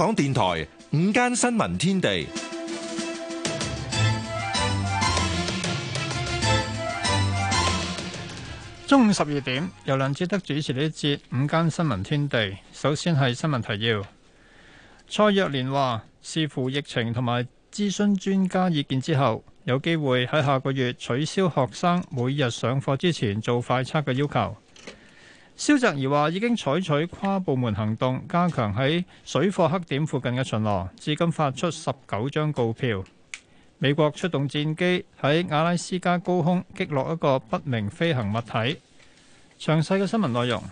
香港電台午間新聞天地，中午十二點由梁志德主持呢一節午間新聞天地。首先係新聞提要，蔡若蓮話視乎疫情同埋諮詢專家意見之後，有機會喺下個月取消學生每日上課之前做快測嘅要求。蕭澤頤話：已經採取跨部門行動，加強喺水貨黑點附近嘅巡邏。至今發出十九張告票。美國出動戰機喺阿拉斯加高空擊落一個不明飛行物體。詳細嘅新聞內容。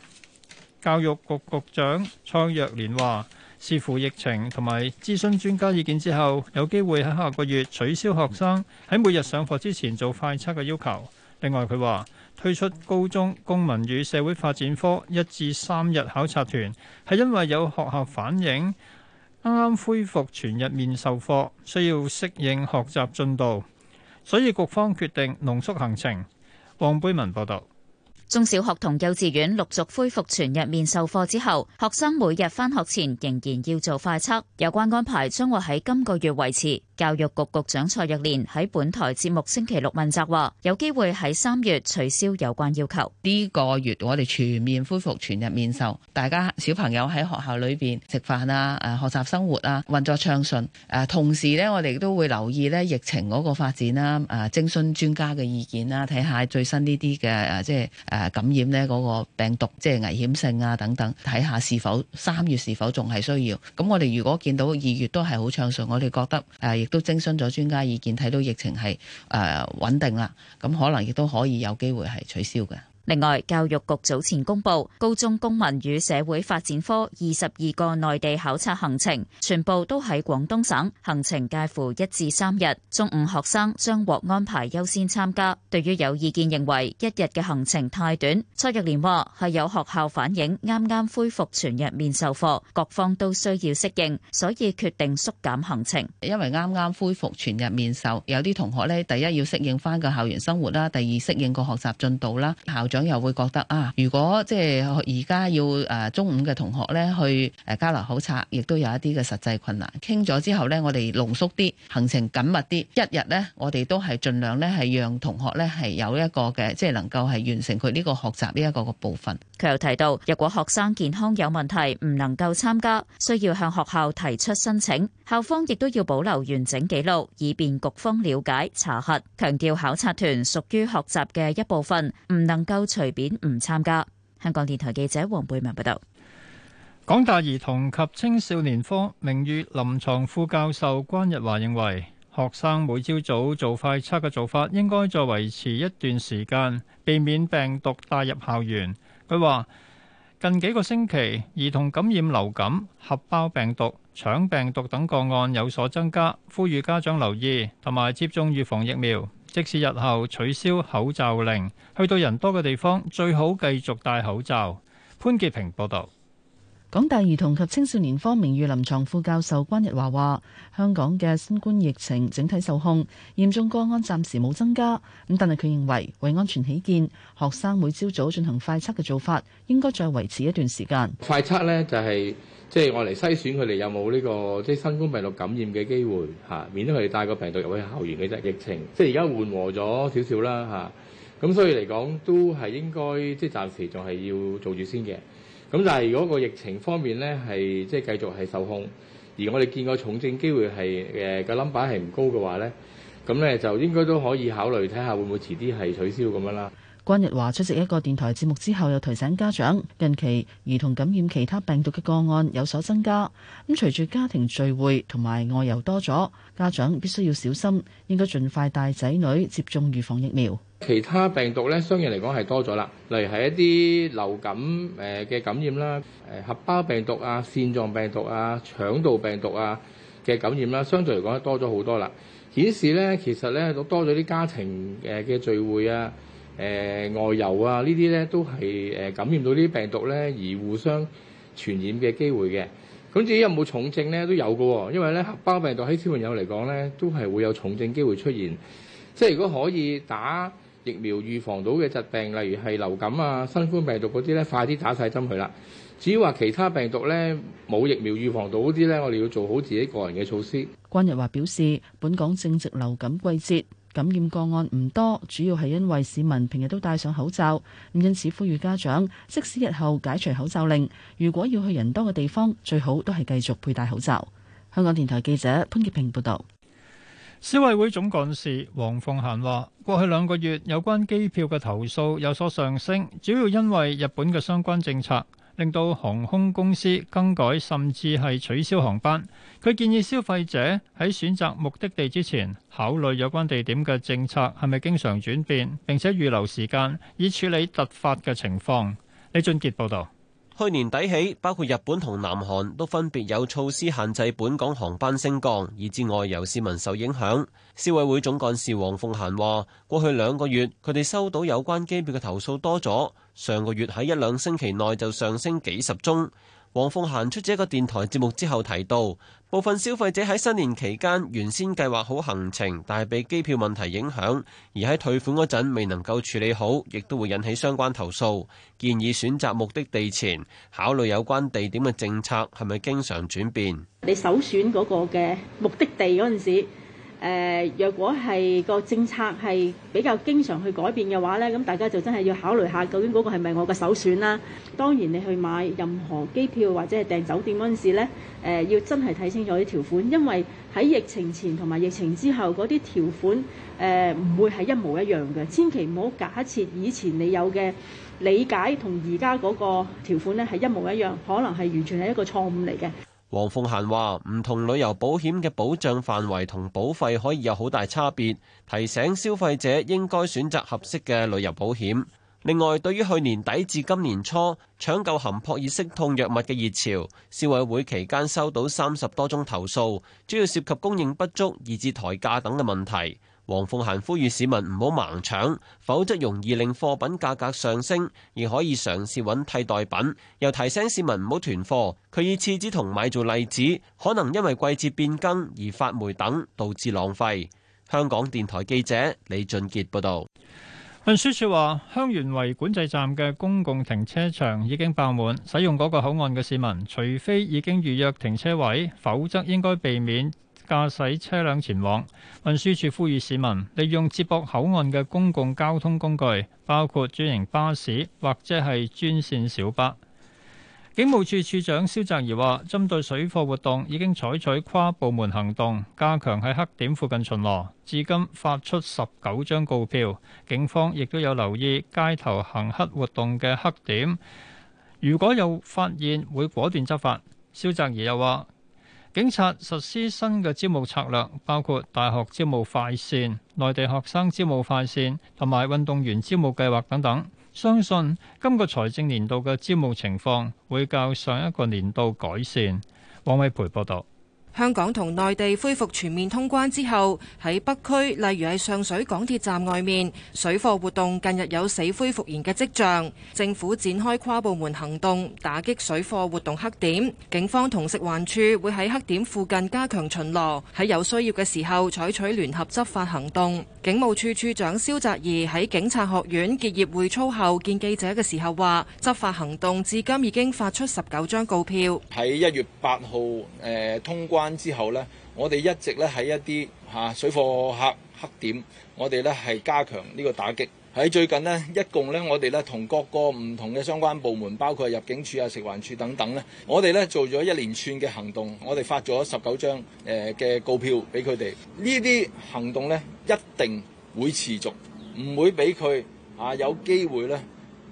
教育局局長蔡若蓮話：視乎疫情同埋諮詢專家意見之後，有機會喺下個月取消學生喺每日上課之前做快測嘅要求。另外，佢話。推出高中公民與社會發展科一至三日考察團，係因為有學校反映啱啱恢復全日面授課，需要適應學習進度，所以局方決定濃縮行程。黃貝文報道。中小學同幼稚園陸續恢復全日面授課之後，學生每日返學前仍然要做快測，有關安排將會喺今個月維持。教育局局長蔡若蓮喺本台節目星期六問責話，有機會喺三月取消有關要求。呢個月我哋全面恢復全日面授，大家小朋友喺學校裏邊食飯啊、誒學習生活啊運作暢順。誒，同時咧，我哋都會留意咧疫情嗰個發展啦，誒徵詢專家嘅意見啦，睇下最新呢啲嘅誒即係誒感染咧嗰個病毒即係危險性啊等等，睇下是否三月是否仲係需要。咁我哋如果見到二月都係好暢順，我哋覺得誒。都徵詢咗專家意見，睇到疫情係誒穩定啦，咁可能亦都可以有機會係取消嘅。另外，教育局早前公布高中公民與社會發展科二十二個內地考察行程，全部都喺廣東省，行程介乎一至三日，中五學生將獲安排優先參加。對於有意見認為一日嘅行程太短，蔡玉蓮話係有學校反映啱啱恢復全日面授課，各方都需要適應，所以決定縮減行程。因為啱啱恢復全日面授，有啲同學咧，第一要適應翻個校園生活啦，第二適應個學習進度啦，校長。又會覺得啊，如果即係而家要誒中五嘅同學呢，去誒交流考察，亦都有一啲嘅實際困難。傾咗之後呢，我哋濃縮啲行程緊密啲，一日呢，我哋都係盡量呢，係讓同學呢係有一個嘅，即係能夠係完成佢呢個學習呢一個個部分。佢又提到，若果學生健康有問題唔能夠參加，需要向學校提出申請，校方亦都要保留完整記錄，以便局方了解查核。強調考察團屬於學習嘅一部分，唔能夠隨便唔參加。香港電台記者黃貝文報道，港大兒童及青少年科名譽臨床副教授關日華認為，學生每朝早做快測嘅做法應該再維持一段時間，避免病毒帶入校園。佢話近幾個星期，兒童感染流感、合胞病毒、腸病毒等個案有所增加，呼籲家長留意同埋接種預防疫苗。即使日後取消口罩令，去到人多嘅地方，最好繼續戴口罩。潘潔平報導。港大兒童及青少年科名譽臨床副教授關日華話，香港嘅新冠疫情整體受控，嚴重個案暫時冇增加。咁，但係佢認為為安全起見，學生每朝早進行快測嘅做法應該再維持一段時間。快測呢就係、是。即係我嚟篩選佢哋有冇呢、呢個即係、就是、新冠病毒感染嘅機會、啊、免得佢哋帶個病毒入去校園嘅啫。疫情即係而家緩和咗少少啦嚇，咁所以嚟講都係應該即係、就是、暫時仲係要做住先嘅。咁但係如果個疫情方面咧係即係繼續係受控，而我哋見個重症機會係誒個 number 係唔高嘅話咧，咁咧就應該都可以考慮睇下會唔會遲啲係取消咁樣啦。關日華出席一個電台節目之後，又提醒家長：近期兒童感染其他病毒嘅個案有所增加。咁，隨住家庭聚會同埋外遊多咗，家長必須要小心，應該盡快帶仔女接種預防疫苗。其他病毒咧，相應嚟講係多咗啦，例如係一啲流感誒嘅感染啦，誒合胞病毒啊、腺狀病毒啊、腸道病毒啊嘅感染啦，相對嚟講咧多咗好多啦。顯示咧，其實咧都多咗啲家庭誒嘅聚會啊。誒、呃、外遊啊，呢啲咧都係誒、呃、感染到啲病毒咧，而互相傳染嘅機會嘅。咁至於有冇重症咧，都有嘅、哦。因為咧，合胞病毒喺小朋友嚟講咧，都係會有重症機會出現。即係如果可以打疫苗預防到嘅疾病，例如係流感啊、新冠病毒嗰啲咧，快啲打晒針佢啦。至於話其他病毒咧冇疫苗預防到嗰啲咧，我哋要做好自己個人嘅措施。關日華表示，本港正值流感季節。感染個案唔多，主要係因為市民平日都戴上口罩。咁因此呼籲家長，即使日後解除口罩令，如果要去人多嘅地方，最好都係繼續佩戴，戴口罩。香港電台記者潘潔平報道，消委會總幹事黃鳳嫻話：過去兩個月有關機票嘅投訴有所上升，主要因為日本嘅相關政策。令到航空公司更改甚至係取消航班。佢建議消費者喺選擇目的地之前，考慮有關地點嘅政策係咪經常轉變，並且預留時間以處理突發嘅情況。李俊杰報道。去年底起，包括日本同南韓都分別有措施限制本港航班升降，以致外遊市民受影響，消委會總幹事黃鳳嫻話，過去兩個月，佢哋收到有關機票嘅投訴多咗。上個月喺一兩星期內就上升幾十宗。黃鳳嫻出咗一個電台節目之後提到，部分消費者喺新年期間原先計劃好行程，但係被機票問題影響，而喺退款嗰陣未能夠處理好，亦都會引起相關投訴。建議選擇目的地前考慮有關地點嘅政策係咪經常轉變。你首選嗰個嘅目的地嗰陣時。誒、呃，若果係個政策係比較經常去改變嘅話呢，咁大家就真係要考慮下究竟嗰個係咪我嘅首選啦。當然你去買任何機票或者係訂酒店嗰陣時呢、呃、要真係睇清楚啲條款，因為喺疫情前同埋疫情之後嗰啲條款誒、呃、唔會係一模一樣嘅。千祈唔好假設以前你有嘅理解同而家嗰個條款呢係一模一樣，可能係完全係一個錯誤嚟嘅。黃鳳嫻話：唔同旅遊保險嘅保障範圍同保費可以有好大差別，提醒消費者應該選擇合適嘅旅遊保險。另外，對於去年底至今年初搶購含撲熱息痛藥物嘅熱潮，消委會期間收到三十多宗投訴，主要涉及供應不足、以致抬價等嘅問題。黃鳳嫻呼籲市民唔好盲搶，否則容易令貨品價格上升，而可以嘗試揾替代品。又提醒市民唔好囤貨。佢以廁紙同米做例子，可能因為季節變更而發霉等，導致浪費。香港電台記者李俊杰報道。運輸署話，香園圍管制站嘅公共停車場已經爆滿，使用嗰個口岸嘅市民，除非已經預約停車位，否則應該避免駕駛車輛前往運輸處，呼籲市民利用接駁口岸嘅公共交通工具，包括專營巴士或者係專線小巴。警務處處長蕭澤頤話，針對水貨活動，已經採取跨部門行動，加強喺黑點附近巡邏。至今發出十九張告票，警方亦都有留意街頭行乞活動嘅黑點，如果有發現，會果斷執法。蕭澤頤又話。警察實施新嘅招募策略，包括大學招募快線、內地學生招募快線同埋運動員招募計劃等等。相信今個財政年度嘅招募情況會較上一個年度改善。王偉培報道。香港同內地恢復全面通關之後，喺北區，例如喺上水港鐵站外面，水貨活動近日有死灰復燃嘅跡象。政府展開跨部門行動，打擊水貨活動黑點。警方同食環署會喺黑點附近加強巡邏，喺有需要嘅時候採取聯合執法行動。警務處處長蕭澤頤喺警察學院結業會操後見記者嘅時候話：執法行動至今已經發出十九張告票。喺一月八號，誒、呃、通關之後咧，我哋一直咧喺一啲嚇水貨客黑點，我哋咧係加強呢個打擊。喺最近咧，一共咧我哋咧同各個唔同嘅相關部門，包括入境處啊、食環署等等咧，我哋咧做咗一連串嘅行動，我哋發咗十九張誒嘅告票俾佢哋。呢啲行動咧一定會持續，唔會俾佢啊有機會咧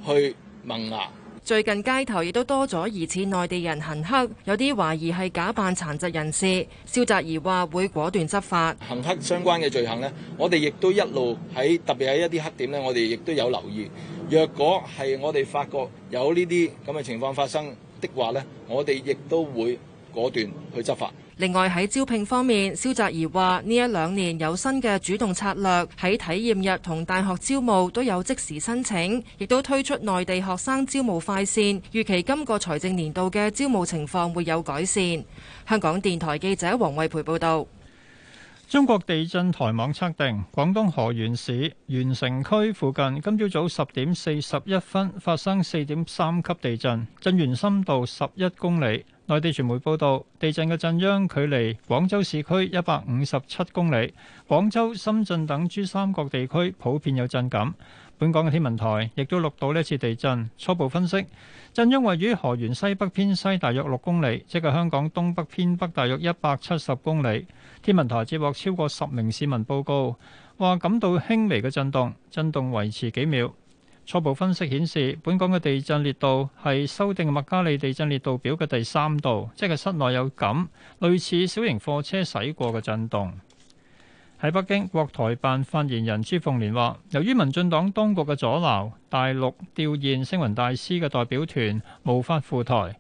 去萌芽。最近街頭亦都多咗疑似內地人行乞，有啲懷疑係假扮殘疾人士。蕭澤頤話會果斷執法。行乞相關嘅罪行呢，我哋亦都一路喺特別喺一啲黑點呢，我哋亦都有留意。若果係我哋發覺有呢啲咁嘅情況發生的話呢，我哋亦都會果斷去執法。另外喺招聘方面，肖澤怡話呢一兩年有新嘅主動策略，喺體驗日同大學招募都有即時申請，亦都推出內地學生招募快線，預期今個財政年度嘅招募情況會有改善。香港電台記者黃慧培報道。中國地震台網測定，廣東河源市源城區附近今朝早十點四十一分發生四點三級地震，震源深度十一公里。內地傳媒報道，地震嘅震央距離廣州市區一百五十七公里，廣州、深圳等珠三角地區普遍有震感。本港嘅天文台亦都錄到呢次地震，初步分析震央位於河源西北偏西大約六公里，即係香港東北偏北大約一百七十公里。天文台接獲超過十名市民報告，話感到輕微嘅震動，震動維持幾秒。初步分析顯示，本港嘅地震烈度係修訂麥加利地震烈度表嘅第三度，即係室內有感，類似小型貨車駛過嘅震動。喺北京，國台辦發言人朱鳳蓮話，由於民進黨當局嘅阻撓，大陸吊唁星雲大師嘅代表團無法赴台。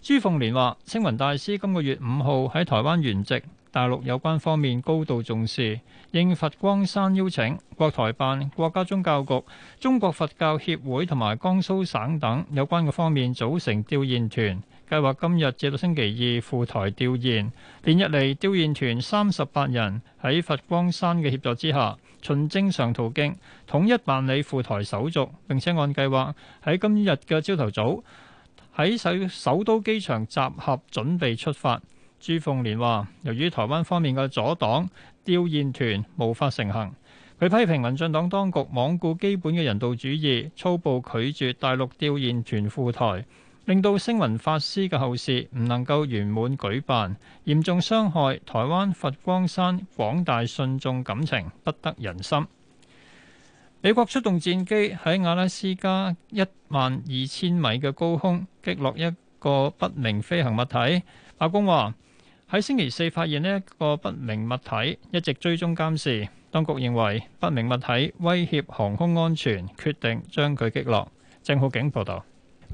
朱鳳蓮話，星雲大師今個月五號喺台灣圓寂。大陸有關方面高度重視，應佛光山邀請，國台辦、國家宗教局、中國佛教協會同埋江蘇省等有關嘅方面組成調研團，計劃今日至到星期二赴台調研。連日嚟，調研團三十八人喺佛光山嘅協助之下，循正常途徑統一辦理赴台手續，並且按計劃喺今日嘅朝頭早喺首首都機場集合，準備出發。朱鳳蓮話：由於台灣方面嘅阻擋，吊唁團無法成行。佢批評民進黨當局罔顧基本嘅人道主義，粗暴拒絕大陸吊唁團赴台，令到星雲法師嘅後事唔能夠圓滿舉辦，嚴重傷害台灣佛光山廣大信眾感情，不得人心。美國出動戰機喺阿拉斯加一萬二千米嘅高空擊落一個不明飛行物體。阿公話。喺星期四發現呢一個不明物體，一直追蹤監視。當局認為不明物體威脅航空安全，決定將佢擊落。鄭浩景報道。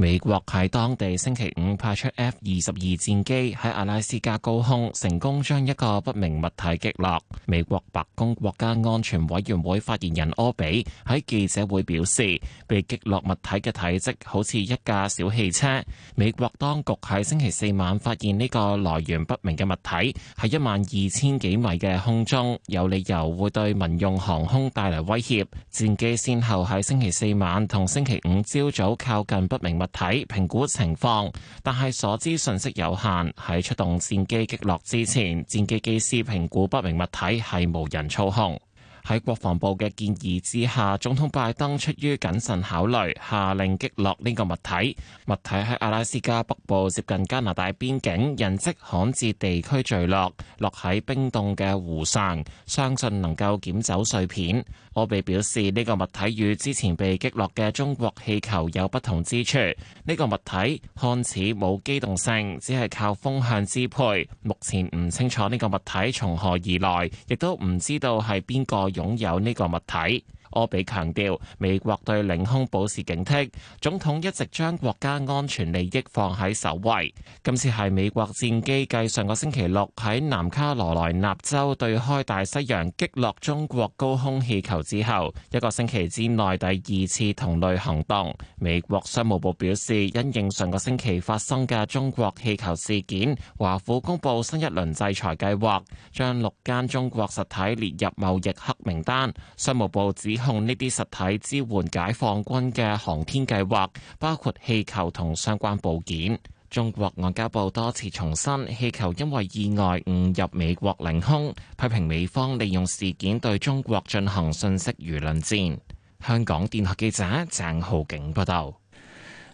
美國喺當地星期五派出 F 二十二戰機喺阿拉斯加高空成功將一個不明物體擊落。美國白宮國家安全委員會發言人柯比喺記者會表示，被擊落物體嘅體積好似一架小汽車。美國當局喺星期四晚發現呢個來源不明嘅物體喺一萬二千幾米嘅空中，有理由會對民用航空帶嚟威脅。戰機先後喺星期四晚同星期五朝早靠近不明物體。體評估情況，但係所知信息有限。喺出動戰機擊落之前，戰機機師評估不明物體係無人操控。喺國防部嘅建議之下，總統拜登出於謹慎考慮，下令擊落呢個物體。物體喺阿拉斯加北部接近加拿大邊境，人迹罕至地區墜落，落喺冰凍嘅湖上，相信能夠撿走碎片。我被表示呢個物體與之前被擊落嘅中國氣球有不同之處，呢個物體看似冇機動性，只係靠風向支配。目前唔清楚呢個物體從何而來，亦都唔知道係邊個。擁有呢個物體。柯比強調，美國對領空保持警惕，總統一直將國家安全利益放喺首位。今次係美國戰機繼上個星期六喺南卡羅來納州對開大西洋擊落中國高空氣球之後，一個星期之內第二次同類行動。美國商務部表示，因應上個星期發生嘅中國氣球事件，華府公布新一輪制裁計劃，將六間中國實體列入貿易黑名單。商務部指控呢啲實體支援解放軍嘅航天計劃，包括氣球同相關部件。中國外交部多次重申，氣球因為意外誤入美國領空，批評美方利用事件對中國進行信息輿論戰。香港電台記者鄭浩景報道。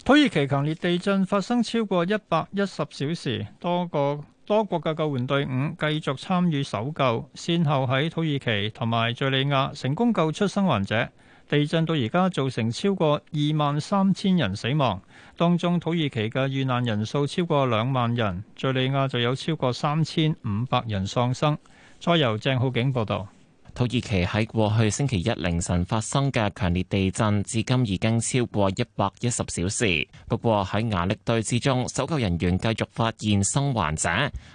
土耳其強烈地震發生超過一百一十小時，多個多國嘅救援隊伍繼續參與搜救，先後喺土耳其同埋敘利亞成功救出生還者。地震到而家造成超過二萬三千人死亡，當中土耳其嘅遇難人數超過兩萬人，敘利亞就有超過三千五百人喪生。再由鄭浩景報道。土耳其喺過去星期一凌晨發生嘅強烈地震，至今已經超過一百一十小時。不過喺瓦礫堆之中，搜救人員繼續發現生還者。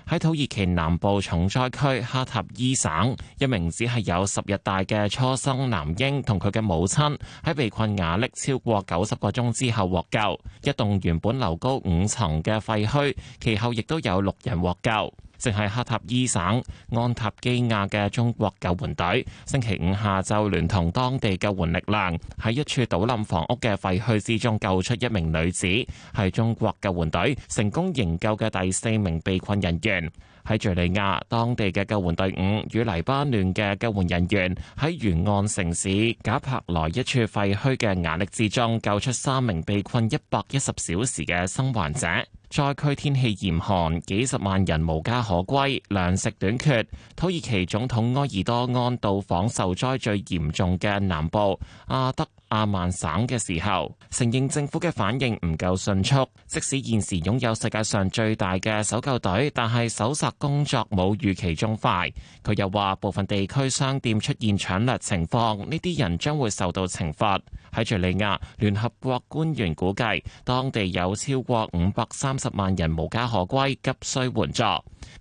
喺土耳其南部重災區哈塔伊省，一名只係有十日大嘅初生男嬰同佢嘅母親，喺被困瓦礫超過九十個鐘之後獲救。一棟原本樓高五層嘅廢墟，其後亦都有六人獲救。淨係黑塔伊省，安塔基亞嘅中國救援隊星期五下晝聯同當地救援力量喺一處倒冧房屋嘅廢墟之中救出一名女子，係中國救援隊成功營救嘅第四名被困人員。喺敘利亞，當地嘅救援隊伍與黎巴嫩嘅救援人員喺沿岸城市賈柏萊一處廢墟嘅瓦礫之中救出三名被困一百一十小時嘅生還者。災區天氣嚴寒，幾十萬人無家可歸，糧食短缺。土耳其總統埃爾多安到訪受災最嚴重嘅南部阿德。阿曼省嘅時候，承認政府嘅反應唔夠迅速。即使現時擁有世界上最大嘅搜救隊，但係搜索工作冇預期中快。佢又話，部分地區商店出現搶掠情況，呢啲人將會受到懲罰。喺敘利亞，聯合國官員估計，當地有超過五百三十萬人無家可歸，急需援助。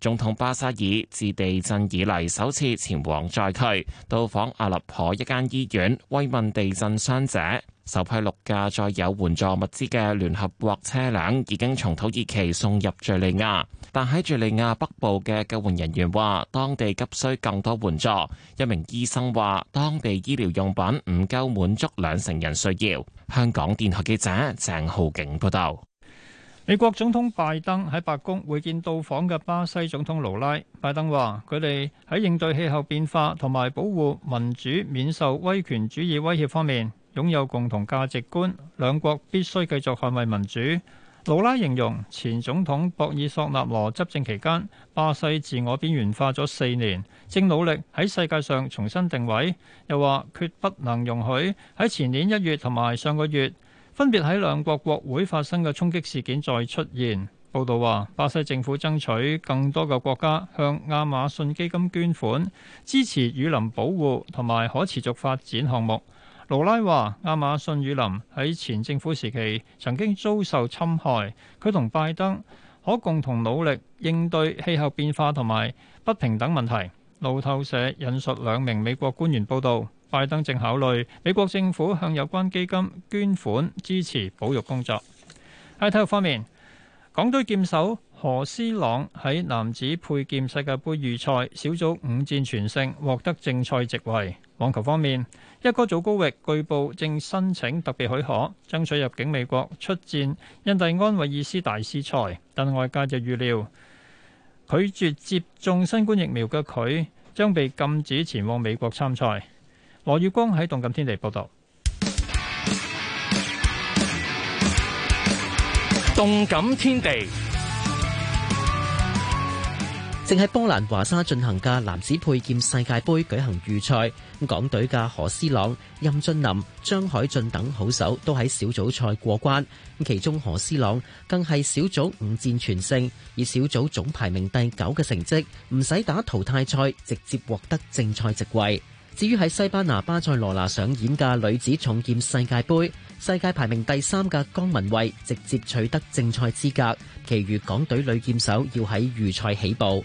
總統巴沙爾自地震以嚟首次前往災區，到訪阿勒頗一間醫院慰問地震傷者。首批六架載有援助物資嘅聯合國車輛已經從土耳其送入敘利亞，但喺敘利亞北部嘅救援人員話，當地急需更多援助。一名醫生話，當地醫療用品唔夠滿足兩成人需要。香港電台記者鄭浩景報道。美國總統拜登喺白宮會見到訪嘅巴西總統盧拉。拜登話，佢哋喺應對氣候變化同埋保護民主免受威權主義威脅方面，擁有共同價值觀，兩國必須繼續捍衞民主。盧拉形容前總統博爾索納羅執政期間，巴西自我邊緣化咗四年，正努力喺世界上重新定位。又話決不能容許喺前年一月同埋上個月分別喺兩國國會發生嘅衝擊事件再出現。報導話，巴西政府爭取更多嘅國家向亞馬遜基金捐款，支持雨林保護同埋可持續發展項目。盧拉話：亞馬遜雨林喺前政府時期曾經遭受侵害，佢同拜登可共同努力應對氣候變化同埋不平等問題。路透社引述兩名美國官員報導，拜登正考慮美國政府向有關基金捐款支持保育工作。喺體育方面，港隊劍手何思朗喺男子佩劍世界盃預賽小組五戰全勝，獲得正賽席位。網球方面，一哥祖高域據報正申請特別許可，爭取入境美國出戰印第安韋爾斯大師賽。但外界就預料，拒絕接種新冠疫苗嘅佢將被禁止前往美國參賽。羅宇光喺動感天地報道。動感天地。報導動感天地正喺波蘭華沙進行嘅男子佩劍世界杯舉行預賽，港隊嘅何思朗、任俊林、張海俊等好手都喺小組賽過關，其中何思朗更係小組五戰全勝，以小組總排名第九嘅成績，唔使打淘汰賽，直接獲得正賽席位。至於喺西班牙巴塞羅那上演嘅女子重劍世界杯，世界排名第三嘅江文蔚直接取得正賽資格，其餘港隊女劍手要喺預賽起步。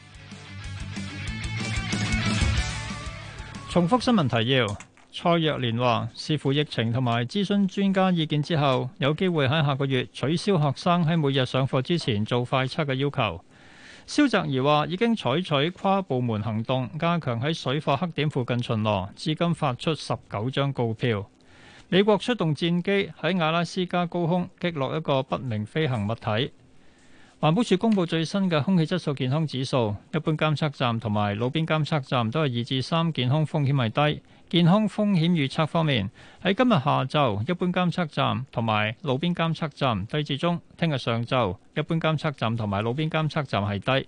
重複新聞提要：蔡若蓮話視乎疫情同埋諮詢專家意見之後，有機會喺下個月取消學生喺每日上課之前做快測嘅要求。蕭澤頤話已經採取跨部門行動，加強喺水貨黑點附近巡邏，至今發出十九張告票。美國出動戰機喺阿拉斯加高空擊落一個不明飛行物體。環保署公布最新嘅空氣質素健康指數，一般監測站同埋路邊監測站都係二至三，健康風險係低。健康風險預測方面，喺今日下晝，一般監測站同埋路邊監測站低至中；聽日上晝，一般監測站同埋路邊監測站係低。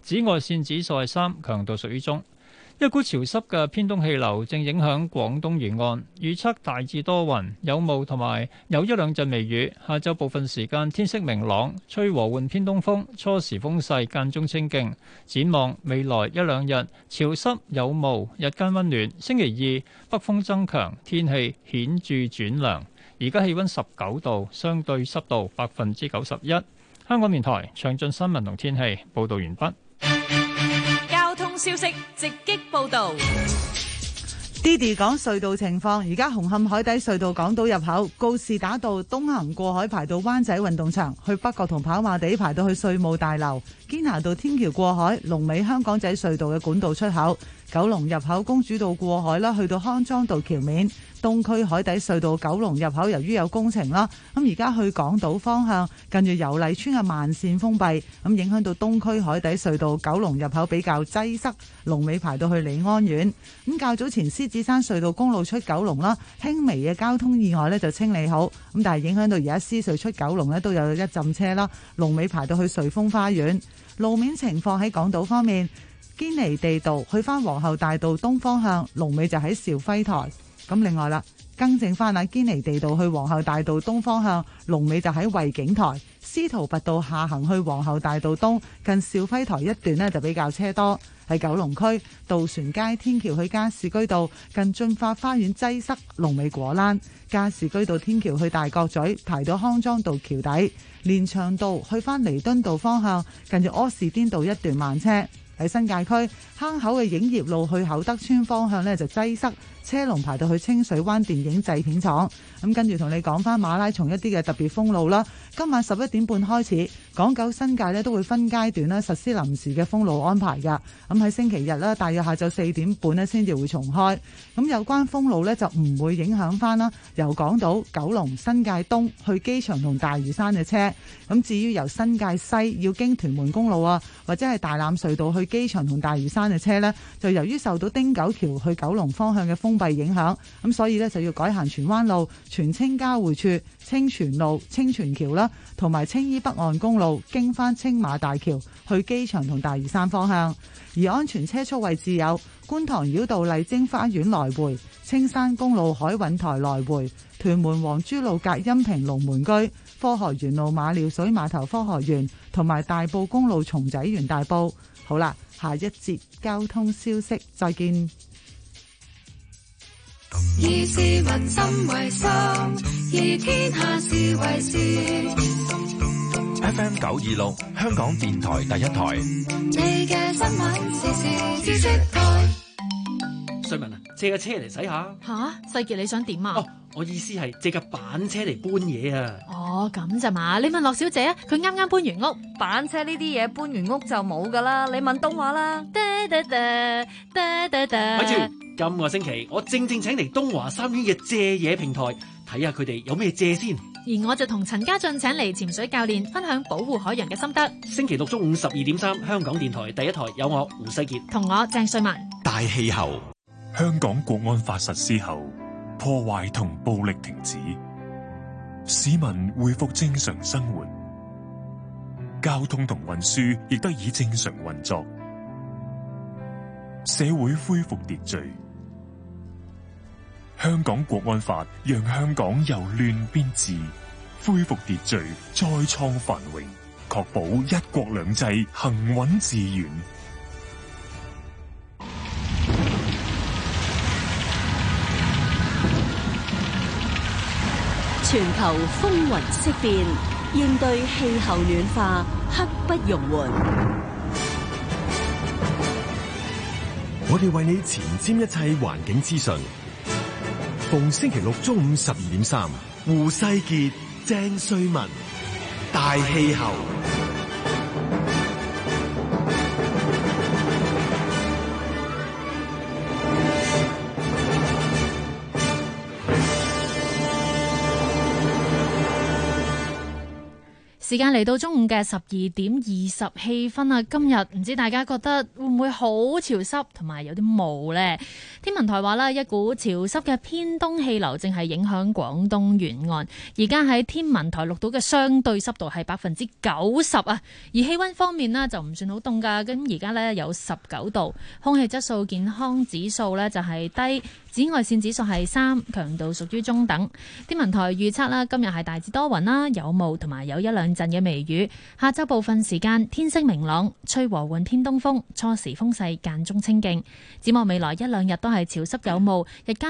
紫外線指數係三，強度屬於中。一股潮濕嘅偏東氣流正影響廣東沿岸，預測大致多雲有霧，同埋有一兩陣微雨。下晝部分時間天色明朗，吹和緩偏東風，初時風勢間中清勁。展望未來一兩日潮濕有霧，日間溫暖。星期二北風增強，天氣顯著轉涼。而家氣温十九度，相對濕度百分之九十一。香港電台詳盡新聞同天氣報導完畢。消息直擊報道 d d 講隧道情況，而家紅磡海底隧道港島入口告士打道東行過海排到灣仔運動場，去北角同跑馬地排到去稅務大樓，堅拿道天橋過海，龍尾香港仔隧道嘅管道出口。九龍入口公主道過海啦，去到康莊道橋面，東區海底隧道九龍入口由於有工程啦，咁而家去港島方向，近住油麗村嘅慢綫封閉，咁影響到東區海底隧道九龍入口比較擠塞，龍尾排到去利安苑。咁較早前獅子山隧道公路出九龍啦，輕微嘅交通意外呢就清理好，咁但係影響到而家獅隧出九龍呢，都有一浸車啦，龍尾排到去瑞豐花園，路面情況喺港島方面。堅尼地道去翻皇后大道東方向，龍尾就喺肇輝台。咁另外啦，更正翻喺堅尼地道去皇后大道東方向，龍尾就喺惠景台。司徒拔道下行去皇后大道東近肇輝台一段呢就比較車多。喺九龍區渡船街天橋去加士居道近駿發花園擠塞，龍尾果欄。加士居道天橋去大角咀排到康莊道橋底，連翔道去翻彌敦道方向，近住柯士甸道一段慢車。喺新界區坑口嘅影業路去厚德邨方向咧就擠塞。車龍排到去清水灣電影製片廠，咁跟住同你講翻馬拉松一啲嘅特別封路啦。今晚十一點半開始，港九新界呢都會分階段咧實施臨時嘅封路安排噶。咁喺星期日咧，大約下晝四點半呢先至會重開。咁有關封路呢就唔會影響翻啦，由港島、九龍、新界東去機場同大嶼山嘅車。咁至於由新界西要經屯門公路啊，或者係大欖隧道去機場同大嶼山嘅車呢，就由於受到汀九橋去九龍方向嘅封。影響咁，所以咧就要改行荃灣路、荃青交匯處、青荃路、青荃橋啦，同埋青衣北岸公路，經翻青馬大橋去機場同大嶼山方向。而安全車速位置有觀塘繞道麗晶花園來回、青山公路海韻台來回、屯門皇珠路隔音屏龍門居、科學園路馬料水碼頭科學園，同埋大埔公路松仔園大埔。好啦，下一節交通消息，再見。以市民心為心，以天下事為事。FM 九二六，M、26，香港電台第一台。你嘅新聞時時知識台。瑞文啊，借架車嚟洗一下。吓，世傑你想點啊？哦，我意思係借架板車嚟搬嘢啊。哦，咁就嘛。你問樂小姐啊，佢啱啱搬完屋，板車呢啲嘢搬完屋就冇噶啦。你問東華啦。噠噠噠噠噠噠今個星期，我正正請嚟東華三院嘅借嘢平台，睇下佢哋有咩借先。而我就同陳家俊請嚟潛水教練，分享保護海洋嘅心得。星期六中午十二點三，香港電台第一台有我胡世傑，同我鄭瑞文。大氣候，香港國安法實施後，破壞同暴力停止，市民恢復正常生活，交通同運輸亦得以正常運作，社會恢復秩序。香港國安法讓香港由亂變治，恢復秩序，再創繁榮，確保一國兩制行穩致遠。全球風雲色變，應對氣候暖化刻不容緩。我哋為你前瞻一切環境資訊。逢星期六中午十二點三，胡世杰、鄭瑞文，大氣候。時間嚟到中午嘅十二點二十氣分啊！今日唔知大家覺得會唔會好潮濕同埋有啲霧呢？天文台話啦，一股潮濕嘅偏東氣流正係影響廣東沿岸。而家喺天文台錄到嘅相對濕度係百分之九十啊！而氣温方面呢，就唔算好凍㗎，咁而家呢，有十九度。空氣質素健康指數呢就係低，紫外線指數係三，強度屬於中等。天文台預測啦，今日係大致多雲啦，有霧同埋有一兩陣嘅微雨，下周部分時間天色明朗，吹和緩偏東風，初時風勢間中清勁。展望未來一兩日都係潮濕有霧，日間。